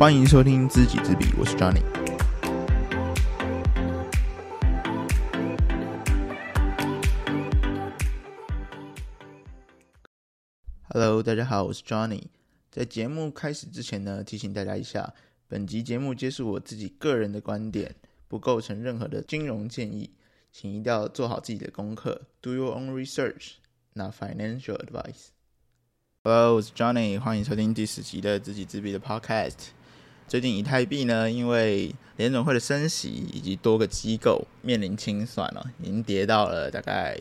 歡迎收聽資己資彼，我是 Johnny。Hello，大家好，我是 Johnny。在節目開始之前呢，提醒大家一下，本集節目皆是我自己個人的觀點，不構成任何的金融建議，請一定要做好自己的功課，Do your own research，not financial advice。Hello，我是 Johnny，歡迎收聽第十集的資己資彼的 Podcast。最近以太幣呢，因為聯準會的升息以及多個機構面臨清算了、哦，已經跌到了大概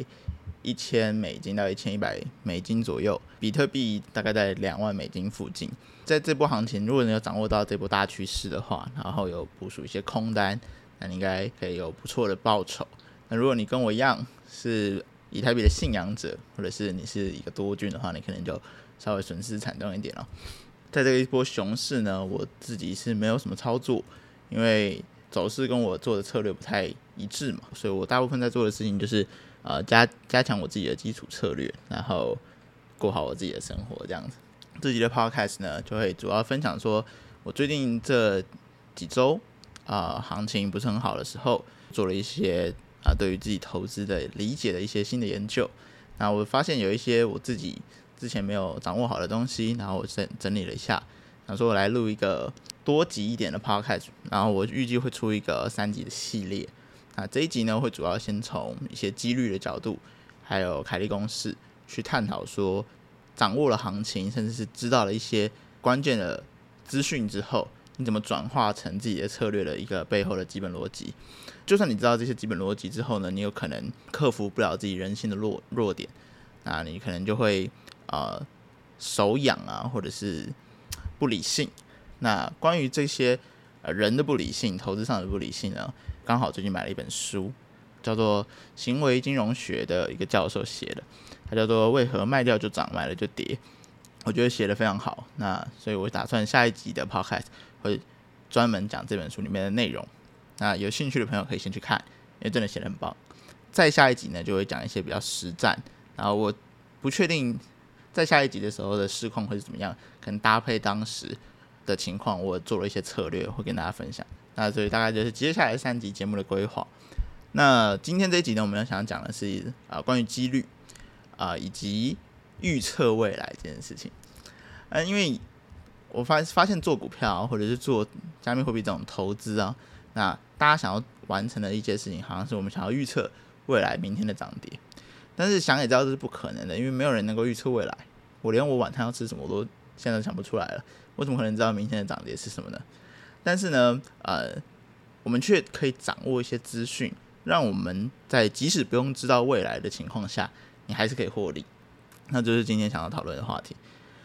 一千美金到一千一百美金左右。比特幣大概在兩萬美金附近。在這波行情，如果你有掌握到這波大趨勢的話，然後有部署一些空單，那你應該可以有不錯的報酬。那如果你跟我一樣是以太幣的信仰者，或者是你是一個多軍的話，你可能就稍微損失慘重一點了、哦。在這一波熊市呢，我自己是沒有什麼操作，因為走勢跟我做的策略不太一致嘛，所以我大部分在做的事情就是，呃，加加強我自己的基礎策略，然後過好我自己的生活這樣子。自己的 Podcast 呢，就會主要分享說，我最近這幾週啊、呃，行情不是很好的時候，做了一些啊、呃，對於自己投資的理解的一些新的研究。那我發現有一些我自己。之前沒有掌握好的東西，然後我整整理了一下，想說我來錄一個多集一點的 Podcast，然後我預計會出一個三集的系列。那這一集呢，會主要先從一些幾率的角度，還有凱利公式去探討說，掌握了行情，甚至是知道了一些關鍵的資訊之後，你怎麼轉化成自己的策略的一個背後的基本邏輯。就算你知道這些基本邏輯之後呢，你有可能克服不了自己人性的弱弱點，那你可能就會。啊、呃，手癢啊，或者是不理性。那關於這些呃人的不理性、投資上的不理性呢，剛好最近買了一本書，叫做《行為金融學》的一個教授寫的，他叫做《為何賣掉就漲，買了就跌》。我覺得寫的非常好。那所以我打算下一集的 podcast 會專門講這本書裡面的內容。那有興趣的朋友可以先去看，因為真的寫得很棒。在下一集呢，就會講一些比較實戰。然後我不確定。在下一集的時候的市況會是怎麼樣？可能搭配當時的情況，我做了一些策略，我會跟大家分享。那所以大概就是接下來三集節目的規劃。那今天這一集呢，我們想要想講的是啊、呃，關於幾率啊、呃、以及預測未來這件事情。嗯、呃，因為我發發現做股票、啊、或者是做加密貨幣這種投資啊，那大家想要完成的一件事情，好像是我們想要預測未來明天的漲跌。但是想也知道這是不可能的，因為沒有人能夠預測未來。我連我晚餐要吃什麼我都現在都想不出來了，我怎麼可能知道明天的漲跌是什麼呢？但是呢，呃，我們卻可以掌握一些資訊，讓我們在即使不用知道未來的情況下，你還是可以獲利。那就是今天想要討論的話題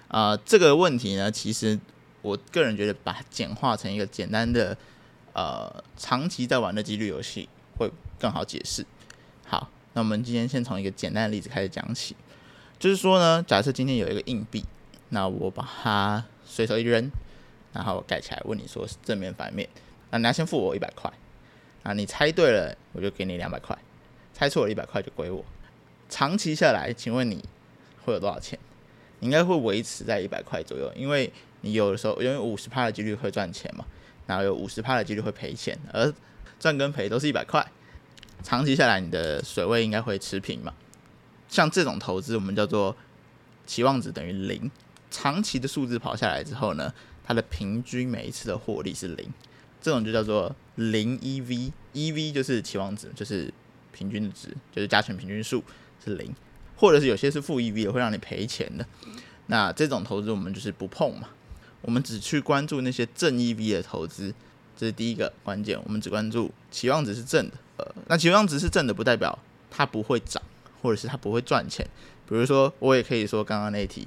啊，呃。這個問題呢，其實我個人覺得把它簡化成一個簡單的呃長期在玩的幾率遊戲會更好解釋。好，那我們今天先從一個簡單的例子開始講起。就是說呢，假設今天有一個硬幣，那我把它隨手一扔，然後蓋起來，問你說是正面反面？那你要先付我一百塊，啊，你猜對了我就給你兩百塊，猜錯了一百塊就歸我。長期下來，請問你會有多少錢？應該會維持在一百塊左右，因為你有的時候因為五十趴的幾率會賺錢嘛，然後有五十趴的幾率會賠錢，而賺跟賠都是一百塊，長期下來你的水位應該會持平嘛。像這種投資，我們叫做期望值等於零，長期的數字跑下來之後呢，它的平均每一次的獲利是零，這種就叫做零 EV，EV 就是期望值，就是平均值，就是加權平均數是零，或者是有些是負 EV 也會讓你賠錢的。那這種投資我們就是不碰嘛，我們只去關注那些正 EV 的投資，這是第一個關鍵，我們只關注期望值是正的。呃，那期望值是正的不代表它不會漲。或者是他不會賺錢，比如說我也可以說剛剛那一題，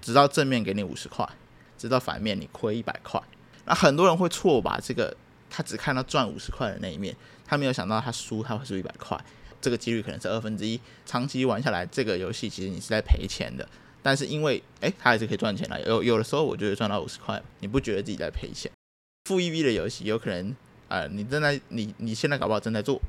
直到正面給你五十塊，直到反面你虧一百塊，那很多人會錯把這個，他只看到賺五十塊的那一面，他沒有想到他輸他會輸一百塊，這個幾率可能是二分之一，2, 長期玩下來這個遊戲其實你是在賠錢的，但是因為誒、欸，他還是可以賺錢的。有有的時候我覺得賺到五十塊，你不覺得自己在賠錢，負 EV 的遊戲有可能啊、呃、你正在你你現在搞不好正在做。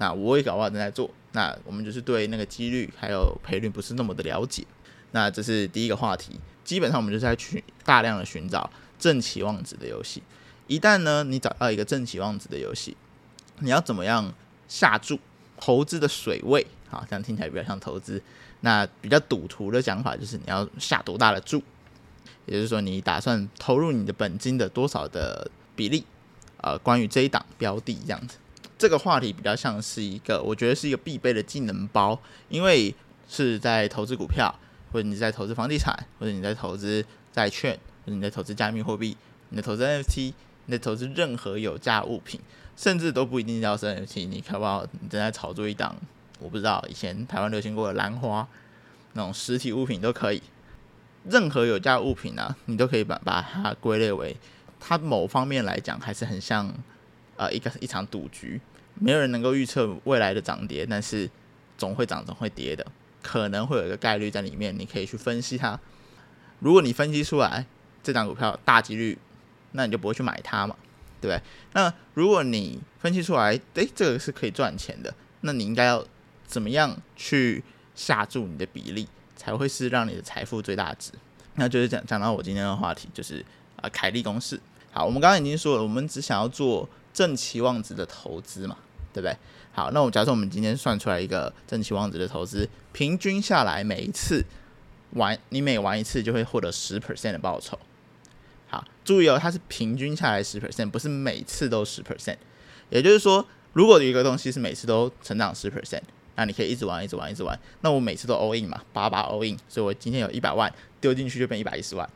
那我也搞不好正在做，那我們就是對那個幾率還有賠率不是那麼的了解，那這是第一個話題。基本上我們就是在去大量的尋找正期望值的遊戲。一旦呢，你找到一個正期望值的遊戲，你要怎麼樣下注？投資的水位啊，這樣聽起來比較像投資。那比較賭徒的想法就是你要下多大的注，也就是說你打算投入你的本金的多少的比例啊，呃，關於這一檔標的這樣子。這個話題比較像是一個，我覺得是一個必備的技能包，因為是在投資股票，或者你在投資房地產，或者你在投資債券，或者你在投資加密貨幣，你在投資 NFT，你在投資任何有價物品，甚至都不一定要是 NFT，你可不可以？你正在炒作一檔，我不知道，以前台灣流行過的蘭花那種實體物品都可以，任何有價物品呢、啊，你都可以把把它歸類為，它某方面來講還是很像，呃，一個一場賭局。沒有人能夠預測未來的漲跌，但是總會漲總會跌的，可能會有一個概率在裡面，你可以去分析它。如果你分析出來這張股票大幾率，那你就不會去買它嘛，對不對？那如果你分析出來，誒，這個是可以賺錢的，那你應該要怎麼樣去下注你的比例，才會是讓你的財富最大值？那就是講講到我今天的話題，就是啊，凱利公式。好，我們剛剛已經說了，我們只想要做。正期望值的投資嘛，對不對？好，那我假設我們今天算出來一個正期望值的投資，平均下來每一次玩，你每玩一次就會獲得十 percent 的報酬。好，注意哦，它是平均下來十 percent，不是每次都十 percent。也就是說，如果有一個東西是每次都成長十 percent，那你可以一直玩，一直玩，一直玩。那我每次都 all in 嘛，把把 all in，所以我今天有一百萬丟進去就變一百一十萬，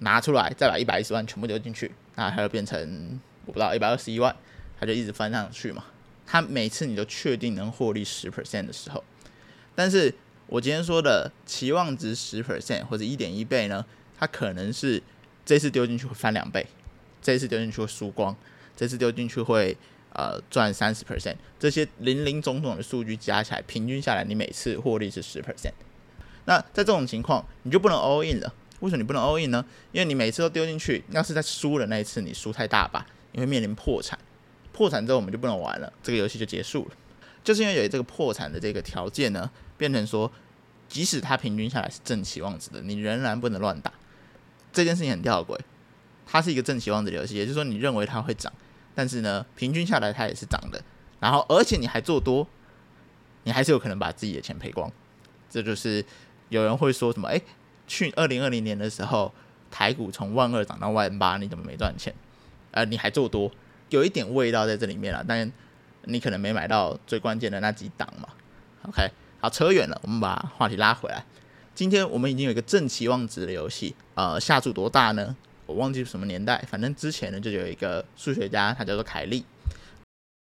拿出來再把一百一十萬全部丟進去，那它就變成。不到一百二十一萬，它就一直翻上去嘛。它每次你都確定能獲利十 percent 的時候，但是我今天說的期望值十 percent 或者一點一倍呢，它可能是這次丟進去會翻兩倍，這次丟進去會輸光，這次丟進去會呃賺三十 percent，這些零零總總的數據加起來，平均下來你每次獲利是十 percent。那在這種情況，你就不能 all in 了。為什麼你不能 all in 呢？因為你每次都丟進去，要是在輸的那一次你輸太大吧。因為面臨破產，破產之後我們就不能玩了，這個遊戲就結束了。就是因為有這個破產的這個條件呢，變成說，即使它平均下來是正期望值的，你仍然不能亂打。這件事情很吊詭，它是一個正期望值的遊戲，也就是說你認為它會漲，但是呢，平均下來它也是漲的，然後而且你還做多，你還是有可能把自己的錢賠光。這就是有人會說什麼，哎、欸，去二零二零年的時候，台股從萬二漲到萬八，你怎麼沒賺錢？呃，你還做多，有一點味道在這裡面了，但你可能沒買到最關鍵的那幾檔嘛。OK，好，扯遠了，我們把話題拉回來。今天我們已經有一個正期望值的遊戲，呃，下注多大呢？我忘記什麼年代，反正之前呢就有一個數學家，他叫做凱利。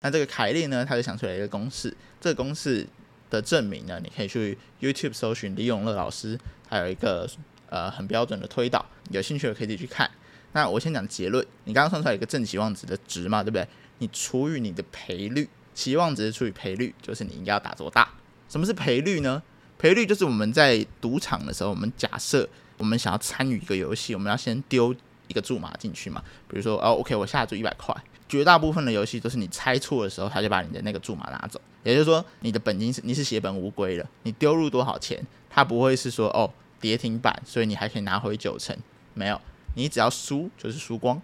那這個凱利呢，他就想出來一個公式，這個公式的證明呢，你可以去 YouTube 搜尋李永樂老師，他有一個呃很標準的推導，有興趣的可以自己去看。那我先講結論，你剛剛算出來一個正期望值的值嘛，對不對？你除以你的賠率，期望值除以賠率，就是你應該要打多大？什麼是賠率呢？賠率就是我們在賭場的時候，我們假設我們想要參與一個遊戲，我們要先丟一個注碼進去嘛。比如說，哦，OK，我下注一百塊。絕大部分的遊戲都是你猜錯的時候，他就把你的那個注碼拿走，也就是說，你的本金是你是血本無歸了。你丟入多少錢，他不會是說哦，跌停板，所以你還可以拿回九成，沒有。你只要輸就是輸光，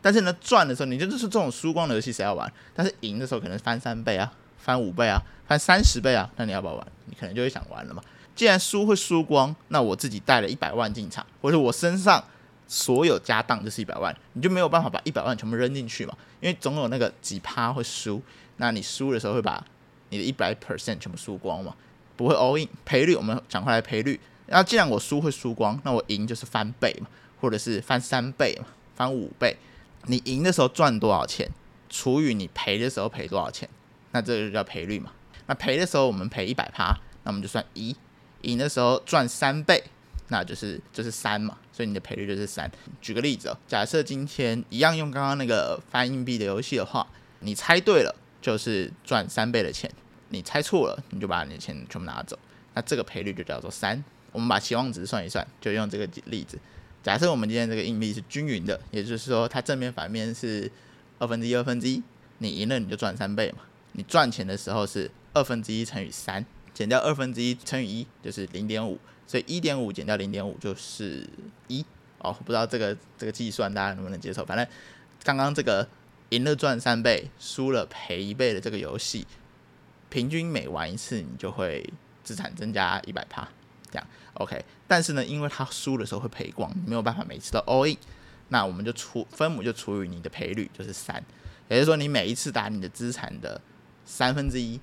但是呢，賺的時候你就是這種輸光的遊戲，誰要玩？但是贏的時候可能翻三倍啊，翻五倍啊，翻三十倍啊，那你要不要玩？你可能就會想玩了嘛。既然輸會輸光，那我自己帶了一百萬進場，或者我身上所有家當就是一百萬，你就沒有辦法把一百萬全部扔進去嘛，因為總有那個幾趴會輸，那你輸的時候會把你的一百 percent 全部輸光嘛，不會 all in。賠率我們講回來賠率，那既然我輸會輸光，那我贏就是翻倍嘛。或者是翻三倍嘛，翻五倍，你贏的時候賺多少錢，除以你賠的時候賠多少錢，那這個就叫賠率嘛。那賠的時候我們賠一百趴，那我們就算一，贏的時候賺三倍，那就是就是三嘛，所以你的賠率就是三。舉個例子哦，假設今天一樣用剛剛那個翻硬幣的遊戲的話，你猜對了就是賺三倍的錢，你猜錯了你就把你的錢全部拿走，那這個賠率就叫做三。我們把期望值算一算，就用這個例子。假設我們今天這個硬幣是均勻的，也就是說它正面反面是二分之一二分之一。2, 1 2, 你贏了你就賺三倍嘛，你賺錢的時候是二分之一乘以三，減掉二分之一乘以一就是零點五，所以一點五減掉零點五就是一。哦，不知道這個這個計算大家能不能接受？反正剛剛這個贏了賺三倍，輸了賠一倍的這個遊戲，平均每玩一次你就會資產增加一百趴。這樣，OK，但是呢，因為他輸的時候會賠光，沒有辦法每次都 all in，那我們就除，分母就除以你的賠率，就是三，也就是說你每一次打你的資產的三分之一，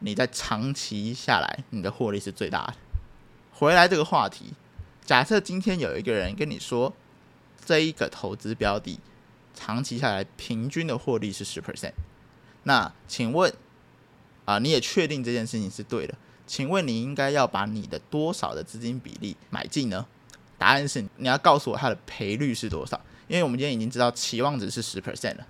你在長期下來你的獲利是最大的。回來這個話題，假設今天有一個人跟你說，這一個投資標的長期下來平均的獲利是十 percent，那請問？啊，你也確定這件事情是對的？請問你應該要把你的多少的資金比例買進呢？答案是你要告訴我它的賠率是多少，因為我們今天已經知道期望值是十 percent 了。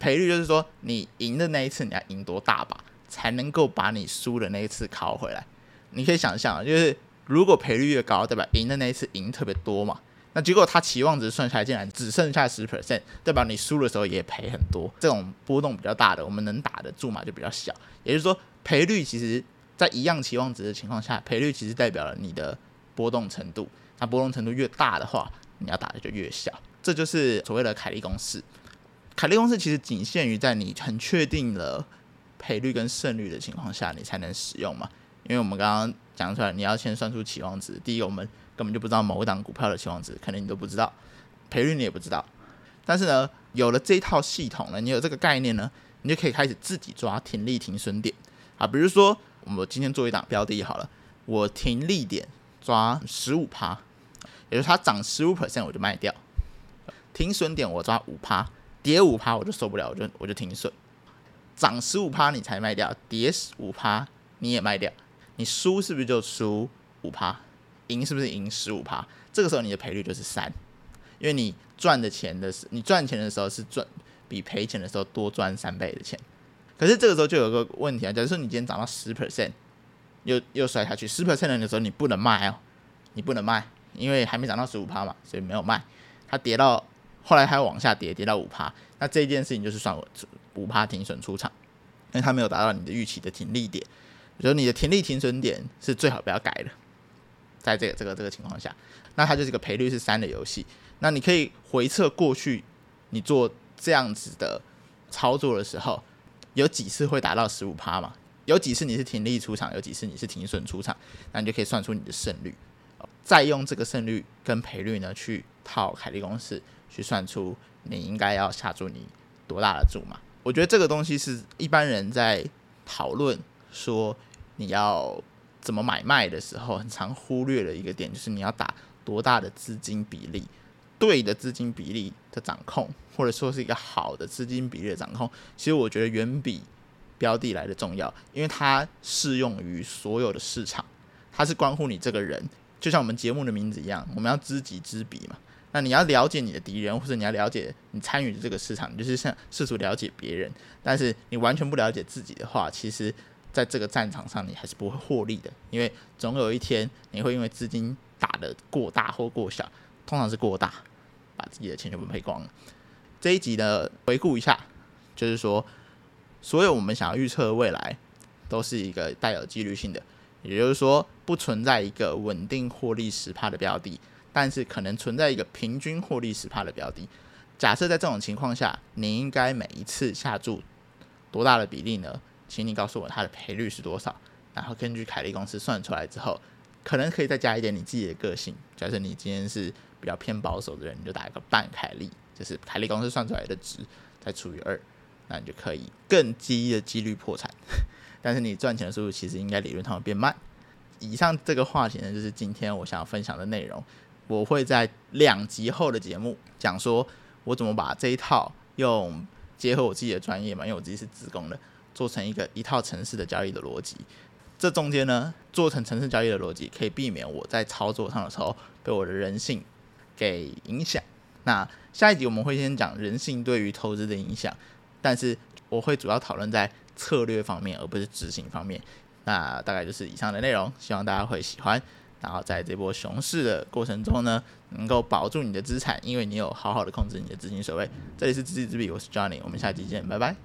賠率就是說，你贏的那一次你要贏多大把才能夠把你輸的那一次考回來？你可以想象，就是如果賠率越高，對吧？代表贏的那一次贏特別多嘛。那結果它期望值算下來竟然只剩下十 percent，代表你輸的時候也賠很多。這種波動比較大的，我們能打的注碼就比較小。也就是說，賠率其實在一樣期望值的情況下，賠率其實代表了你的波動程度。那波動程度越大的話，你要打的就越小。這就是所謂的凱利公式。凱利公式其實僅限於在你很確定了賠率跟勝率的情況下，你才能使用嘛。因為我們剛剛講出來，你要先算出期望值。第一，我們根本就不知道某一檔股票的期望值，可能你都不知道，賠率你也不知道。但是呢，有了這一套系統呢，你有這個概念呢，你就可以開始自己抓停利停損點啊。比如說，我們今天做一檔標的好了，我停利點抓十五趴，也就是它漲十五%，我就賣掉。停損點我抓五趴，跌五趴我就受不了，我就我就停損。漲十五趴你才賣掉，跌五趴你也賣掉，你輸是不是就輸五趴？贏是不是贏十五趴？這個時候你的賠率就是三，因為你賺的錢的是你賺錢的時候是賺比賠錢的時候多賺三倍的錢。可是這個時候就有個問題啊，假如說你今天漲到十 percent，又又摔下去十 percent 的時候你不能賣哦、喔，你不能賣，因為還沒漲到十五趴嘛，所以沒有賣。它跌到後來它又往下跌，跌到五趴，那這件事情就是算我五趴停損出場，因為它沒有達到你的預期的停利點。比如你的停利停損點是最好不要改的。在這個這個這個情況下，那它就是一個賠率是三的遊戲。那你可以回測過去，你做這樣子的操作的時候，有幾次會達到十五趴嘛？有幾次你是停利出場，有幾次你是停損出場，那你就可以算出你的勝率。再用這個勝率跟賠率呢，去套凱利公式，去算出你應該要下注你多大的注嘛？我覺得這個東西是一般人在討論說你要。怎麼買賣的時候，很常忽略的一個點，就是你要打多大的資金比例，對的資金比例的掌控，或者說是一個好的資金比例的掌控，其實我覺得遠比標的來的重要，因為它適用於所有的市場，它是關乎你這個人，就像我們節目的名字一樣，我們要知己知彼嘛。那你要了解你的敵人，或者你要了解你參與的這個市場，你就是像試圖了解別人，但是你完全不了解自己的話，其實。在這個戰場上，你還是不會獲利的，因為總有一天你會因為資金打得過大或過小，通常是過大，把自己的錢全部賠光了。這一集呢，回顧一下，就是說，所有我們想要預測的未來，都是一個帶有幾率性的，也就是說，不存在一個穩定獲利10%的標的，但是可能存在一個平均獲利10%的標的。假設在這種情況下，你應該每一次下注多大的比例呢？請你告訴我它的賠率是多少，然後根據凱利公式算出來之後，可能可以再加一點你自己的個性。假設你今天是比較偏保守的人，你就打一個半凱利，就是凱利公式算出來的值再除以二，那你就可以更低的幾率破產，但是你賺錢的速度其實應該理論上會變慢。以上這個話題呢，就是今天我想要分享的內容。我會在兩集後的節目講說我怎麼把這一套用結合我自己的專業嘛，因為我自己是資工的。做成一個一套城市的交易的邏輯，這中間呢，做成城市交易的邏輯，可以避免我在操作上的時候被我的人性給影響。那下一集我們會先講人性對於投資的影響，但是我會主要討論在策略方面，而不是執行方面。那大概就是以上的內容，希望大家會喜歡。然後在這波熊市的過程中呢，能夠保住你的資產，因為你有好好的控制你的資金水位。這裡是資己資彼，我是 Johnny，我們下期見，拜拜。